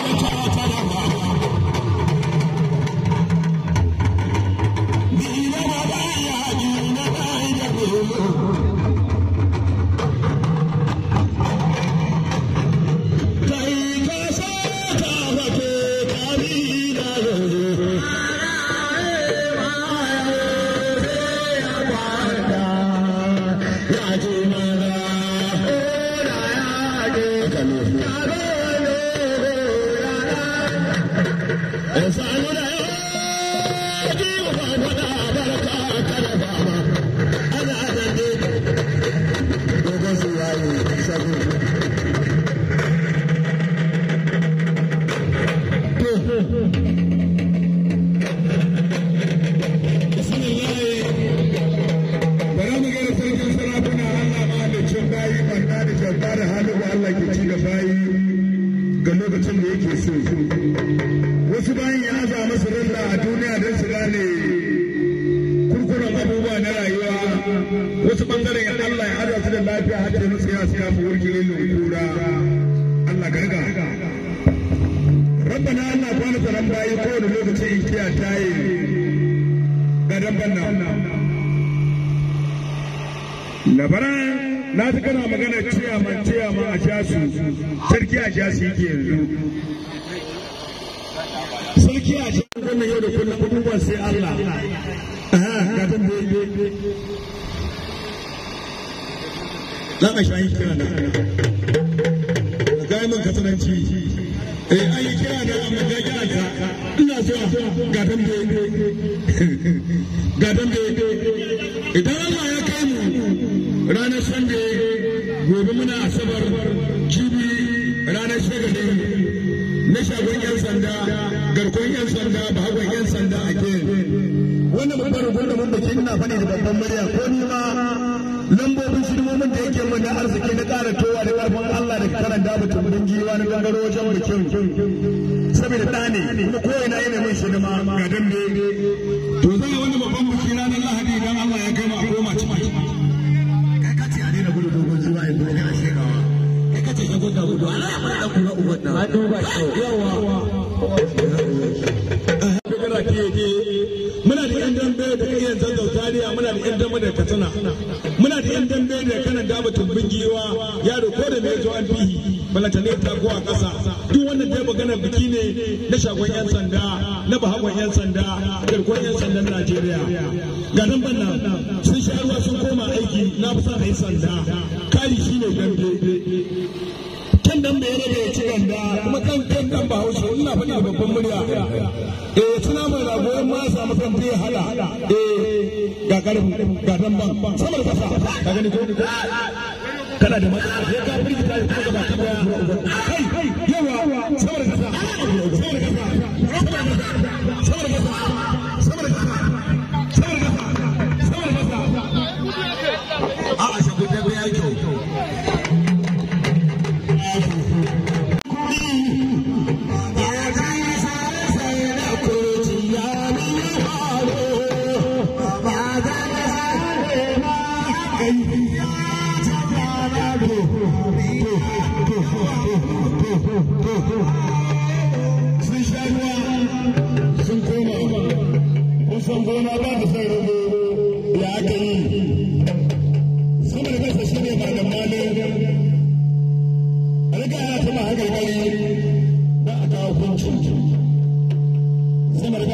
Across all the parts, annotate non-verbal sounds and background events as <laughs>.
Thank you. har da lafiya haka da ya siya mu wurin lura Allah ka rabbana Allah kwana tsaron bayi kowane lokaci in kiya labaran na ta kana magana ciyaman ciyaman a jasu sarki a jasu yake yanzu sarki a jasu wannan yau da kullum abubuwan sai Allah ga za a shayi kira na a kayan min kasananci eh an yi kira na amma ga kira ina zuwa ga dambe ga dambe idan Allah ya kai mu ranar sande gobe muna asabar jibi ranar shagalin na shagon yan sanda garkon yan sanda bahagon yan sanda a ke wannan babbar gudunmu da ke ina da babban murya ko ni ma lambobin shirmomin da yake mun na arziki na ƙara towa da ƙarfin Allah da karanta mutum gudun giwa na gangaro wajen mulkin saboda ɗa ne kuma ko ina yana mun shirma ga dambe to zai wani babban na ranar lahadi idan Allah ya gama koma mai kai ka ce a daina gudu dogon zuwa yanzu ne a shekawa kai ka ce shagun da gudu Allah ya fara da kuma uban nan ba duba shi yawa na fi mai sanda kari shi ne gande kan dambe ya da ya ci ganda kuma kan kan dan hausa ina faɗi da babban murya eh suna mai rago yan ma samu kan bai hada eh ga garbu ga dan ban samar kasa ka gani ko kana da matsala ya ka firgita ya kuma baki kuma kai yawa samar kasa sama kasa sama kasa sama kasa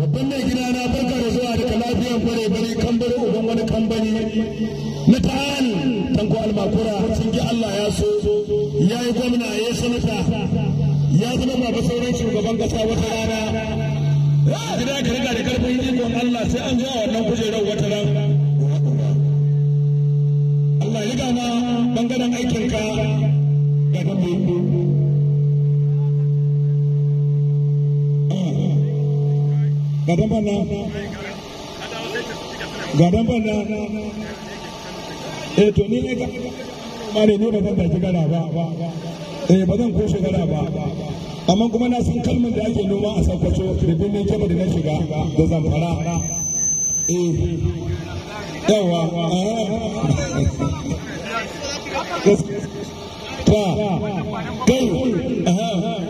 babban mai gida na barka da zuwa daga lafiyan kware kan kambari uban wani bari. na ta'an tanko almakura sun ji Allah ya so ya yi gwamna ya yi sanata ya zama ba sauran shugaban kasa wata rana gida ka riga da karfin ikon Allah sai an zo a wannan kujerar wata rana Allah ya gama bangaren aikinka ga dabbobi gadan bana gadan bana eh to ni ne ka mare ne ba zan taki gara ba eh ba zan ko shigara ba amma kuma na san kalmar da ake noma a sakwato da ne kebe da na shiga da zan zamfara eh yawa <laughs> ta kai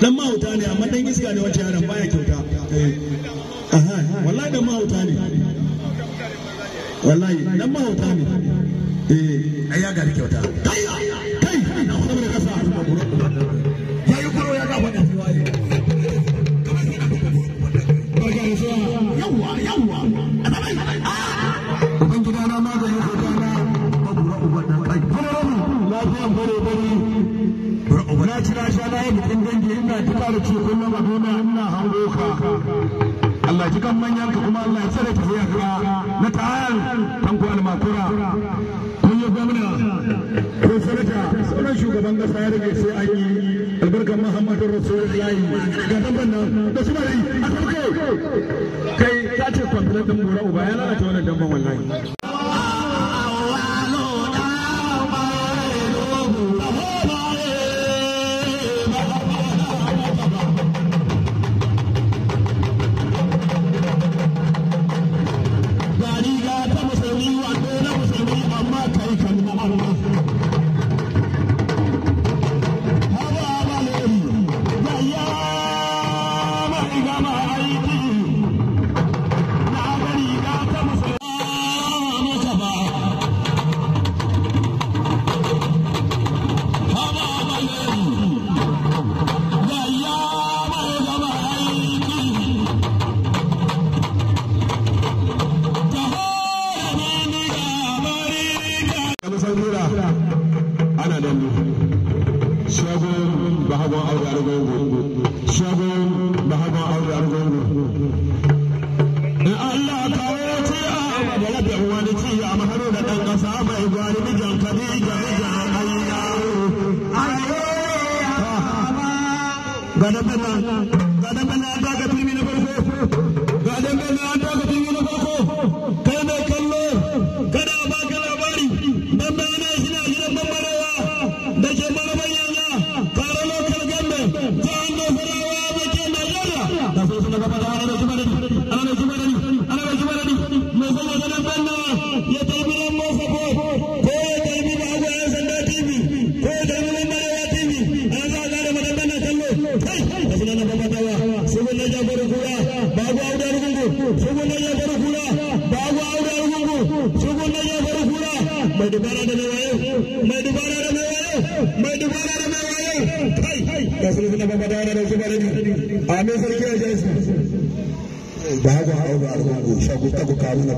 dan mahauta ne amma dan iska ne wata yaran baya kyauta eh. wallahi dan mahauta ne wallahi dan mahauta ne eh ai ya gari kyauta kai kai na kuma da kasa ya yi kuro ya ga wani yawa yawa Allah ya kara ce kullum a duniya ina hango ka Allah ji kan manyan ka kuma Allah ya tsare ta ya ka na ta'al tanko almakura kun yi gwamna ko sanata sauran shugaban kasa ya rage sai an yi albarkar muhammadin rasulullahi ga dabban nan da su bari a kai kai ta ce kwamfilar dan bora uba ya lalata wannan dabban wallahi shagon bahagon aure argungu shagon bahagon aure argungu in Allah kawo ce a da wani ci a maharu ƙasa mai gwari mijan kadija の仲間が我々のそばに sarki na bambada da amin ku mana kawai da ka gane da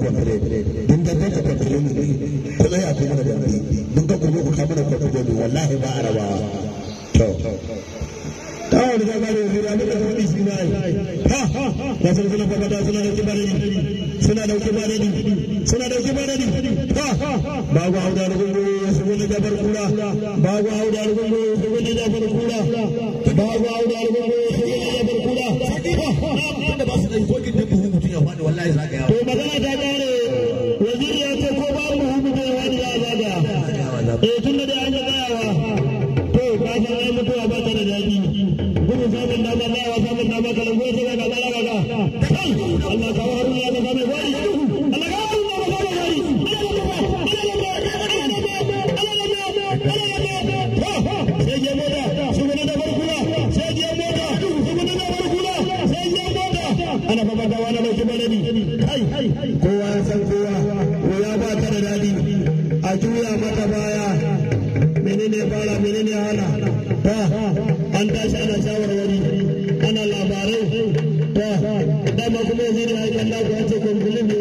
muka tafi sinai ha ha da na bambada suna da shi ba suna dauke ba dadi suna dauke ba dadi babu hauda rugungu su gabar kura babu hauda rugungu su gabar kura babu hauda rugungu su gabar kura da ba su da kokin da buhu mutum ya faɗi wallahi zagaya amma kuma ya zai aika Allah ku wace kunkulin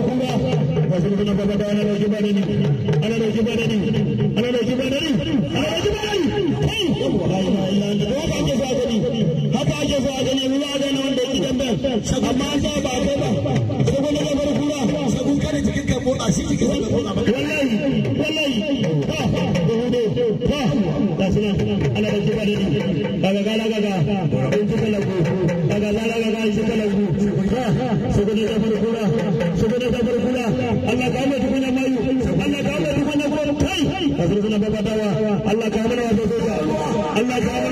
kuma a wuda amma an dawo ba a ba sai kuma na bar kare cikin kan motsa shi cikin sai motsa ba wallahi wallahi Allah ka Allah ka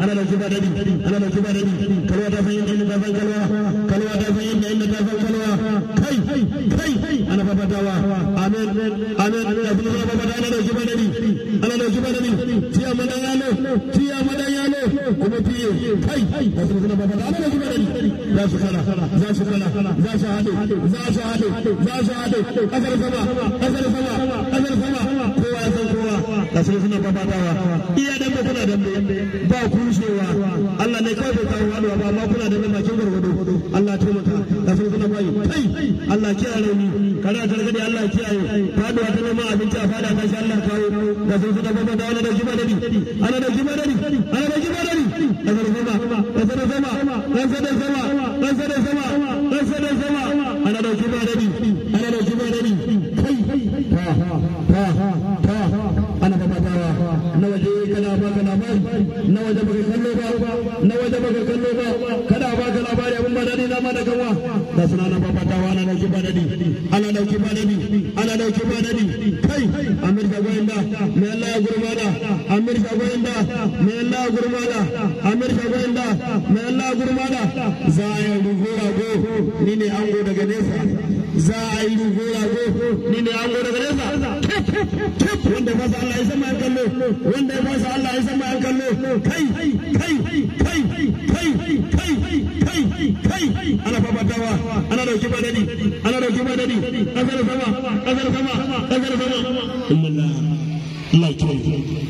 ana mai zuba dadi ana mai zuba dadi kalwa ta san inda ta kalwa kalwa ta san inda inda ta san kalwa kai kai ana babatawa amen amen ya fi zuba babata ana mai zuba da ana mai zuba dadi tiya madan yalo tiya madan yalo kuma tiye kai ya fi zuba babata ana mai zuba dadi za su kala za su kala za su haɗe za su haɗe za su haɗe kasar sama kasar sama kasar sama da sai suna fafatawa iya dambe kuna dambe ba kushewa Allah ne kawai bai kawo haɗuwa ba ma kuna dambe bakin gwargwado Allah taimaka da sai suna bayi kai Allah kiyaye rauni kada a targaɗe Allah kiyaye faɗuwa ta neman abinci a fada ta shi Allah kawo da sai suna fafatawa ana da jima dari ana da kima dari ana da jima dari da sai sama da sai sama da sai sama da sai sama madadi Allah dauki madadi Allah dauki madadi kai Amir da goyinda Me Allah ya gurma da Amir da goyinda Me Allah ya gurma da Amir da goyinda Me Allah ya gurma da za a yi rugura go ni ne ango daga nesa za a yi rugura go ni ne ango daga nesa wanda ba su Allah ya zama ya kallo wanda ya ba su Allah ya zama ya kallo kai kai kai kai kai kai kai ana fa batawa ana dauki madadi ana dauki madadi azar sama azar sama azar sama inna na Allah ya kiyaye.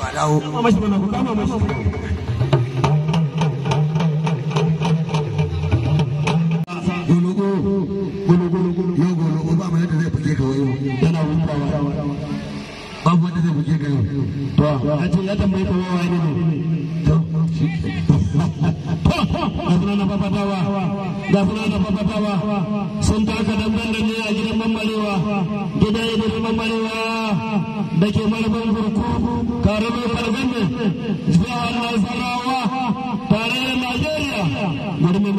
Wala. Mamashi mana ku kama mashi. to a cikin ya tambayi ko wawa ne to babatawa babatawa sun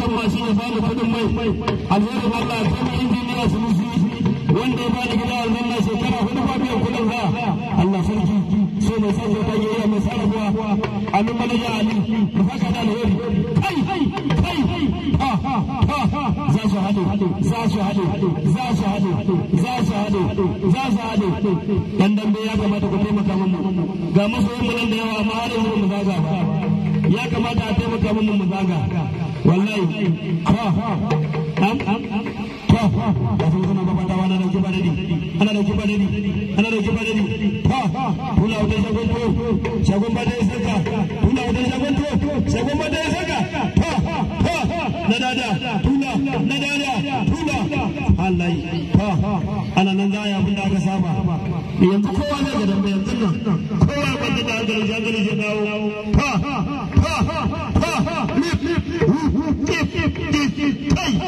kan mashi ya bani kuɗin mai alheri Allah ya kai injiniya su musu wanda ya bani gida aljanna shekara hudu ba biyan kuɗin ba Allah sarki mai san ya mai sarrafa manaja ali da alheri kai kai za su hade za su hade za su hade za su hade za su hade dan dambe ya kamata ku taimaka mu ga da yawa amma har yanzu mu zaga ba ya kamata a taimaka mun mu zaga wallahi ha an an to da su suna gaba da wani dauki badadi ana dauki badadi ana dauki badadi ha tula wata shagon to shagon badai saka tula wata shagon to shagon badai saka ha ha na dada tula na dada tula halai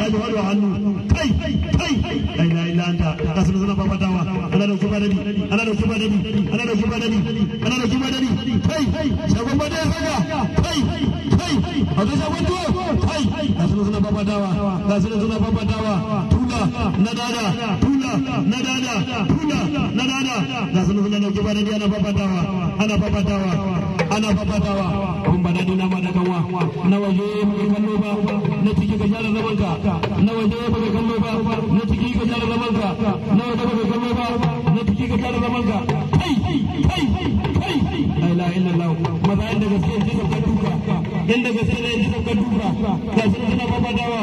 alhaji wani hannu kai kai kai la ilaha illa anta kasu ana da kuma ana da kuma ana da kuma ana da kuma dabi kai shagon bada ya kai kai a ga kai kasu kasu tula na dada tula na dada tula na dada kasu ana ana fafatawa kun ba daɗi nama da kanwa na waje baka kallo ba na ciki ka jara zaman ka na waje ka kallo ba na ciki ka jara zaman ka na waje baka kallo ba na ciki ka jara zaman ka kai kai kai la ilaha illallah maza inda gaske ji ka duka inda gaske ne ji ka duka ka sun suna fafatawa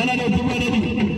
ana da juma da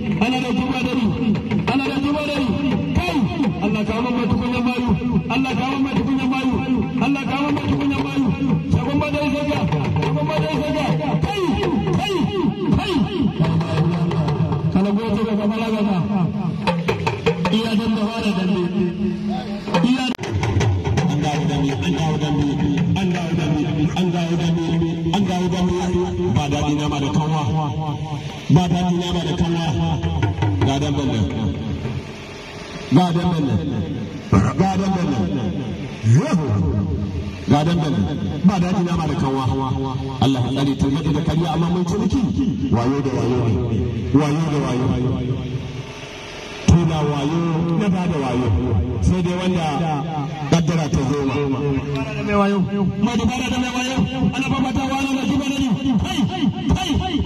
ga dandali ba daɗi na ba da kanwa Allah ya tsare ta da kariya amma mun ci ciniki wayo da wayo wayo da wayo tuna wayo na ba da wayo sai dai wanda kaddara ta zo ma mai wayo mai dabara da mai wayo ana babata wani da kiba na ni kai kai